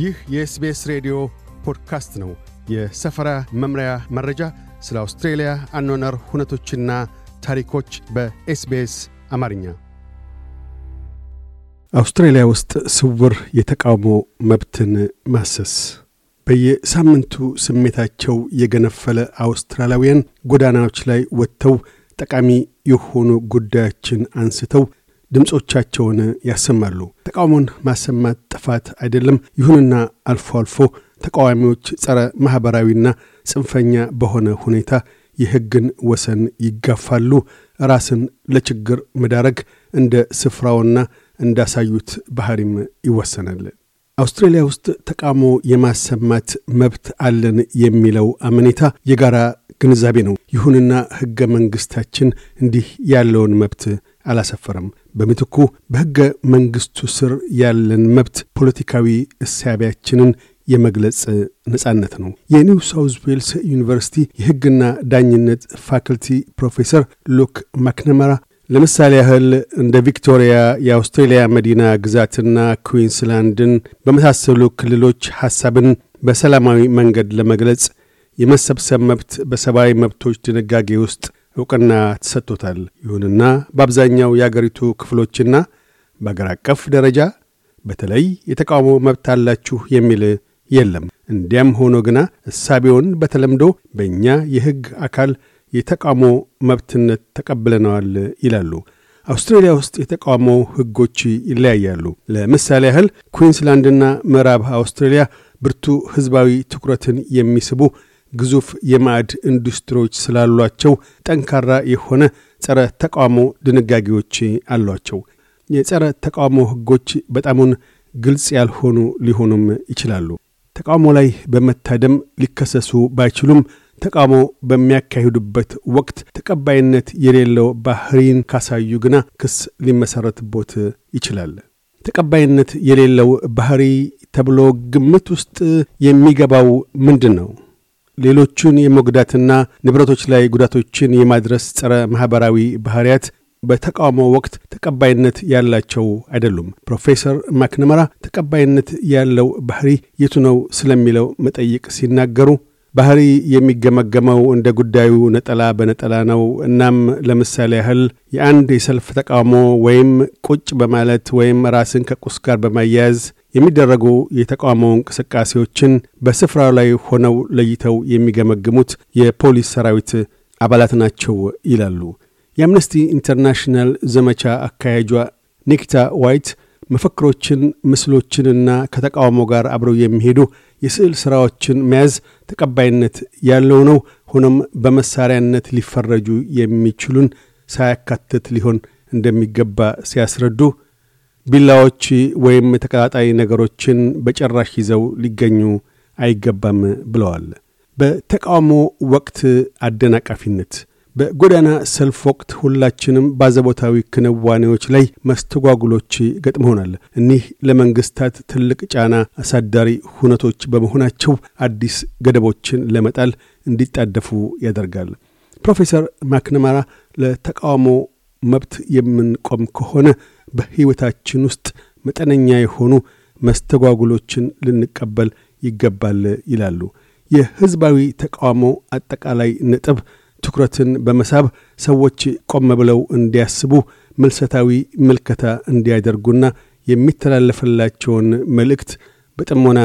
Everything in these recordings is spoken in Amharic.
ይህ የኤስቤስ ሬዲዮ ፖድካስት ነው። የሰፈራ መምሪያ መረጃ፣ ስለ አውስትሬልያ አኗነር ሁነቶችና ታሪኮች በኤስቤስ አማርኛ። አውስትሬልያ ውስጥ ስውር የተቃውሞ መብትን ማሰስ በየሳምንቱ ስሜታቸው የገነፈለ አውስትራላውያን ጎዳናዎች ላይ ወጥተው ጠቃሚ የሆኑ ጉዳዮችን አንስተው ድምፆቻቸውን ያሰማሉ። ተቃውሞን ማሰማት ጥፋት አይደለም። ይሁንና አልፎ አልፎ ተቃዋሚዎች ጸረ ማኅበራዊና ጽንፈኛ በሆነ ሁኔታ የሕግን ወሰን ይጋፋሉ። ራስን ለችግር መዳረግ እንደ ስፍራውና እንዳሳዩት ባህሪም ይወሰናል። አውስትራሊያ ውስጥ ተቃውሞ የማሰማት መብት አለን የሚለው አመኔታ የጋራ ግንዛቤ ነው። ይሁንና ሕገ መንግሥታችን እንዲህ ያለውን መብት አላሰፈረም። በምትኩ በሕገ መንግሥቱ ስር ያለን መብት ፖለቲካዊ እሳቢያችንን የመግለጽ ነጻነት ነው። የኒው ሳውዝ ዌልስ ዩኒቨርሲቲ የሕግና ዳኝነት ፋክልቲ ፕሮፌሰር ሉክ ማክነመራ ለምሳሌ ያህል እንደ ቪክቶሪያ የአውስትሬልያ መዲና ግዛትና ኩዊንስላንድን በመሳሰሉ ክልሎች ሐሳብን በሰላማዊ መንገድ ለመግለጽ የመሰብሰብ መብት በሰብአዊ መብቶች ድንጋጌ ውስጥ እውቅና ተሰጥቶታል። ይሁንና በአብዛኛው የአገሪቱ ክፍሎችና በአገር አቀፍ ደረጃ በተለይ የተቃውሞ መብት አላችሁ የሚል የለም። እንዲያም ሆኖ ግና እሳቤውን በተለምዶ በእኛ የሕግ አካል የተቃውሞ መብትነት ተቀብለነዋል ይላሉ። አውስትራሊያ ውስጥ የተቃውሞ ሕጎች ይለያያሉ። ለምሳሌ ያህል ኩዊንስላንድና ምዕራብ አውስትራሊያ ብርቱ ሕዝባዊ ትኩረትን የሚስቡ ግዙፍ የማዕድ ኢንዱስትሪዎች ስላሏቸው ጠንካራ የሆነ ጸረ ተቃውሞ ድንጋጌዎች አሏቸው። የጸረ ተቃውሞ ህጎች በጣሙን ግልጽ ያልሆኑ ሊሆኑም ይችላሉ። ተቃውሞ ላይ በመታደም ሊከሰሱ ባይችሉም ተቃውሞ በሚያካሂዱበት ወቅት ተቀባይነት የሌለው ባህሪን ካሳዩ ግና ክስ ሊመሠረትቦት ይችላል። ተቀባይነት የሌለው ባህሪ ተብሎ ግምት ውስጥ የሚገባው ምንድን ነው? ሌሎቹን የመጉዳትና ንብረቶች ላይ ጉዳቶችን የማድረስ ጸረ ማኅበራዊ ባህሪያት በተቃውሞ ወቅት ተቀባይነት ያላቸው አይደሉም። ፕሮፌሰር ማክነመራ ተቀባይነት ያለው ባህሪ የቱ ነው ስለሚለው መጠይቅ ሲናገሩ ባህሪ የሚገመገመው እንደ ጉዳዩ ነጠላ በነጠላ ነው። እናም ለምሳሌ ያህል የአንድ የሰልፍ ተቃውሞ ወይም ቁጭ በማለት ወይም ራስን ከቁስ ጋር በማያያዝ የሚደረጉ የተቃውሞ እንቅስቃሴዎችን በስፍራው ላይ ሆነው ለይተው የሚገመግሙት የፖሊስ ሰራዊት አባላት ናቸው ይላሉ። የአምነስቲ ኢንተርናሽናል ዘመቻ አካሄጇ ኒክታ ዋይት መፈክሮችን፣ ምስሎችንና ከተቃውሞ ጋር አብረው የሚሄዱ የስዕል ሥራዎችን መያዝ ተቀባይነት ያለው ነው። ሆኖም በመሳሪያነት ሊፈረጁ የሚችሉን ሳያካትት ሊሆን እንደሚገባ ሲያስረዱ ቢላዎች ወይም ተቀጣጣይ ነገሮችን በጭራሽ ይዘው ሊገኙ አይገባም ብለዋል። በተቃውሞ ወቅት አደናቃፊነት፣ በጎዳና ሰልፍ ወቅት ሁላችንም ባዘቦታዊ ክንዋኔዎች ላይ መስተጓጉሎች ገጥመውናል። እኒህ ለመንግስታት ትልቅ ጫና አሳዳሪ ሁነቶች በመሆናቸው አዲስ ገደቦችን ለመጣል እንዲጣደፉ ያደርጋል። ፕሮፌሰር ማክነማራ ለተቃውሞ መብት የምንቆም ከሆነ በሕይወታችን ውስጥ መጠነኛ የሆኑ መስተጓጉሎችን ልንቀበል ይገባል ይላሉ። የሕዝባዊ ተቃውሞ አጠቃላይ ነጥብ ትኩረትን በመሳብ ሰዎች ቆም ብለው እንዲያስቡ፣ ምልሰታዊ ምልከታ እንዲያደርጉና የሚተላለፍላቸውን መልእክት በጥሞና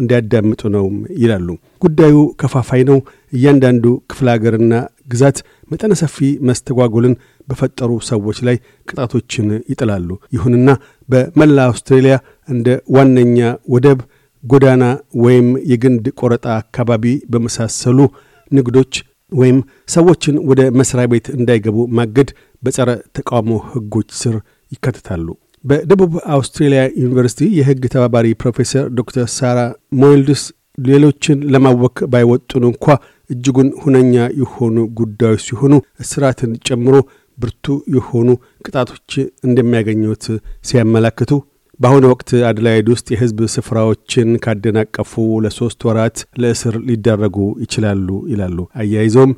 እንዲያዳምጡ ነው ይላሉ። ጉዳዩ ከፋፋይ ነው። እያንዳንዱ ክፍለ አገርና ግዛት መጠነ ሰፊ መስተጓጎልን በፈጠሩ ሰዎች ላይ ቅጣቶችን ይጥላሉ። ይሁንና በመላ አውስትሬልያ እንደ ዋነኛ ወደብ፣ ጎዳና ወይም የግንድ ቆረጣ አካባቢ በመሳሰሉ ንግዶች ወይም ሰዎችን ወደ መስሪያ ቤት እንዳይገቡ ማገድ በጸረ ተቃውሞ ሕጎች ስር ይካተታሉ። በደቡብ አውስትሬልያ ዩኒቨርሲቲ የሕግ ተባባሪ ፕሮፌሰር ዶክተር ሳራ ሞይልድስ ሌሎችን ለማወክ ባይወጡን እንኳ እጅጉን ሁነኛ የሆኑ ጉዳዮች ሲሆኑ እስራትን ጨምሮ ብርቱ የሆኑ ቅጣቶች እንደሚያገኙት ሲያመላክቱ በአሁኑ ወቅት አድላይድ ውስጥ የህዝብ ስፍራዎችን ካደናቀፉ ለሶስት ወራት ለእስር ሊደረጉ ይችላሉ ይላሉ። አያይዘውም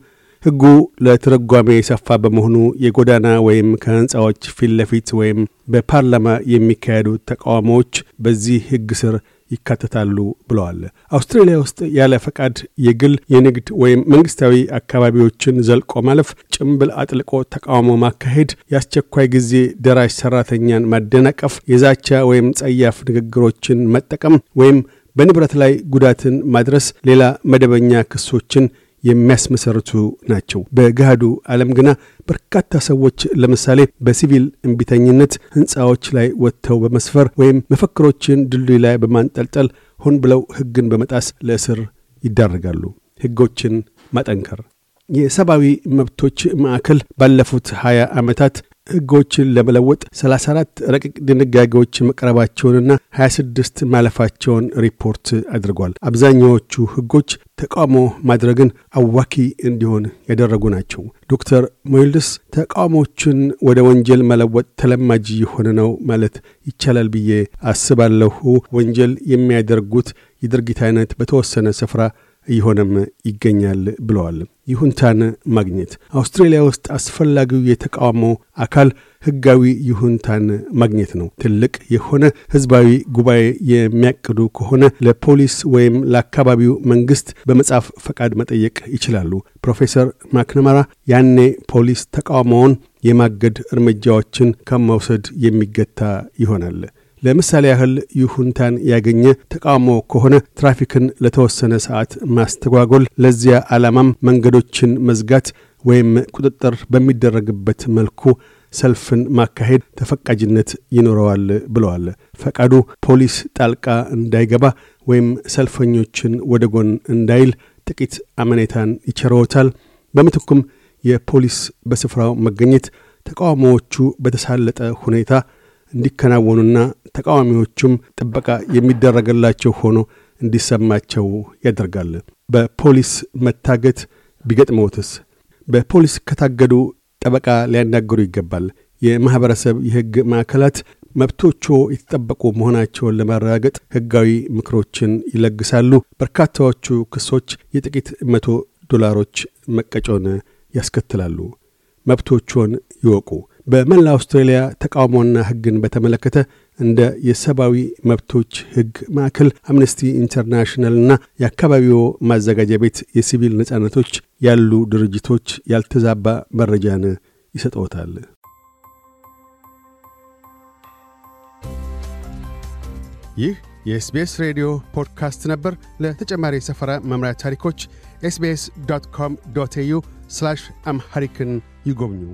ህጉ ለትርጓሜ የሰፋ በመሆኑ የጎዳና ወይም ከህንፃዎች ፊት ለፊት ወይም በፓርላማ የሚካሄዱ ተቃውሞዎች በዚህ ህግ ስር ይካተታሉ ብለዋል። አውስትራሊያ ውስጥ ያለ ፈቃድ የግል የንግድ ወይም መንግስታዊ አካባቢዎችን ዘልቆ ማለፍ፣ ጭምብል አጥልቆ ተቃውሞ ማካሄድ፣ የአስቸኳይ ጊዜ ደራሽ ሰራተኛን ማደናቀፍ፣ የዛቻ ወይም ጸያፍ ንግግሮችን መጠቀም ወይም በንብረት ላይ ጉዳትን ማድረስ ሌላ መደበኛ ክሶችን የሚያስመሰርቱ ናቸው። በገሃዱ ዓለም ግና በርካታ ሰዎች ለምሳሌ በሲቪል እምቢተኝነት ሕንፃዎች ላይ ወጥተው በመስፈር ወይም መፈክሮችን ድልድይ ላይ በማንጠልጠል ሆን ብለው ሕግን በመጣስ ለእስር ይዳረጋሉ። ሕጎችን ማጠንከር የሰብአዊ መብቶች ማዕከል ባለፉት 20 ዓመታት ሕጎችን ለመለወጥ 34 ረቂቅ ድንጋጌዎች መቅረባቸውንና 26 ማለፋቸውን ሪፖርት አድርጓል። አብዛኛዎቹ ሕጎች ተቃውሞ ማድረግን አዋኪ እንዲሆን ያደረጉ ናቸው። ዶክተር ሞይልስ ተቃውሞችን ወደ ወንጀል መለወጥ ተለማጅ የሆነ ነው ማለት ይቻላል ብዬ አስባለሁ። ወንጀል የሚያደርጉት የድርጊት አይነት በተወሰነ ስፍራ እየሆነም ይገኛል ብለዋል። ይሁንታን ማግኘት አውስትሬልያ ውስጥ አስፈላጊው የተቃውሞ አካል ህጋዊ ይሁንታን ማግኘት ነው። ትልቅ የሆነ ህዝባዊ ጉባኤ የሚያቅዱ ከሆነ ለፖሊስ ወይም ለአካባቢው መንግስት በመጻፍ ፈቃድ መጠየቅ ይችላሉ። ፕሮፌሰር ማክነማራ ያኔ ፖሊስ ተቃውሞውን የማገድ እርምጃዎችን ከመውሰድ የሚገታ ይሆናል። ለምሳሌ ያህል ይሁንታን ያገኘ ተቃውሞ ከሆነ ትራፊክን ለተወሰነ ሰዓት ማስተጓጎል፣ ለዚያ ዓላማም መንገዶችን መዝጋት ወይም ቁጥጥር በሚደረግበት መልኩ ሰልፍን ማካሄድ ተፈቃጅነት ይኖረዋል ብለዋል። ፈቃዱ ፖሊስ ጣልቃ እንዳይገባ ወይም ሰልፈኞችን ወደ ጎን እንዳይል ጥቂት አመኔታን ይቸረዎታል። በምትኩም የፖሊስ በስፍራው መገኘት ተቃውሞዎቹ በተሳለጠ ሁኔታ እንዲከናወኑና ተቃዋሚዎቹም ጥበቃ የሚደረግላቸው ሆኖ እንዲሰማቸው ያደርጋል። በፖሊስ መታገት ቢገጥመውትስ? በፖሊስ ከታገዱ ጠበቃ ሊያናገሩ ይገባል። የማኅበረሰብ የሕግ ማዕከላት መብቶቹ የተጠበቁ መሆናቸውን ለማረጋገጥ ሕጋዊ ምክሮችን ይለግሳሉ። በርካታዎቹ ክሶች የጥቂት መቶ ዶላሮች መቀጮን ያስከትላሉ። መብቶቹን ይወቁ። በመላ አውስትራሊያ ተቃውሞና ህግን በተመለከተ እንደ የሰብአዊ መብቶች ህግ ማዕከል፣ አምነስቲ ኢንተርናሽናል ና የአካባቢው ማዘጋጃ ቤት የሲቪል ነጻነቶች ያሉ ድርጅቶች ያልተዛባ መረጃን ይሰጠውታል። ይህ የኤስቤስ ሬዲዮ ፖድካስት ነበር። ለተጨማሪ የሰፈራ መምሪያ ታሪኮች ኤስቤስ ዶት ኮም ዶት ኤዩ አምሐሪክን ይጎብኙ።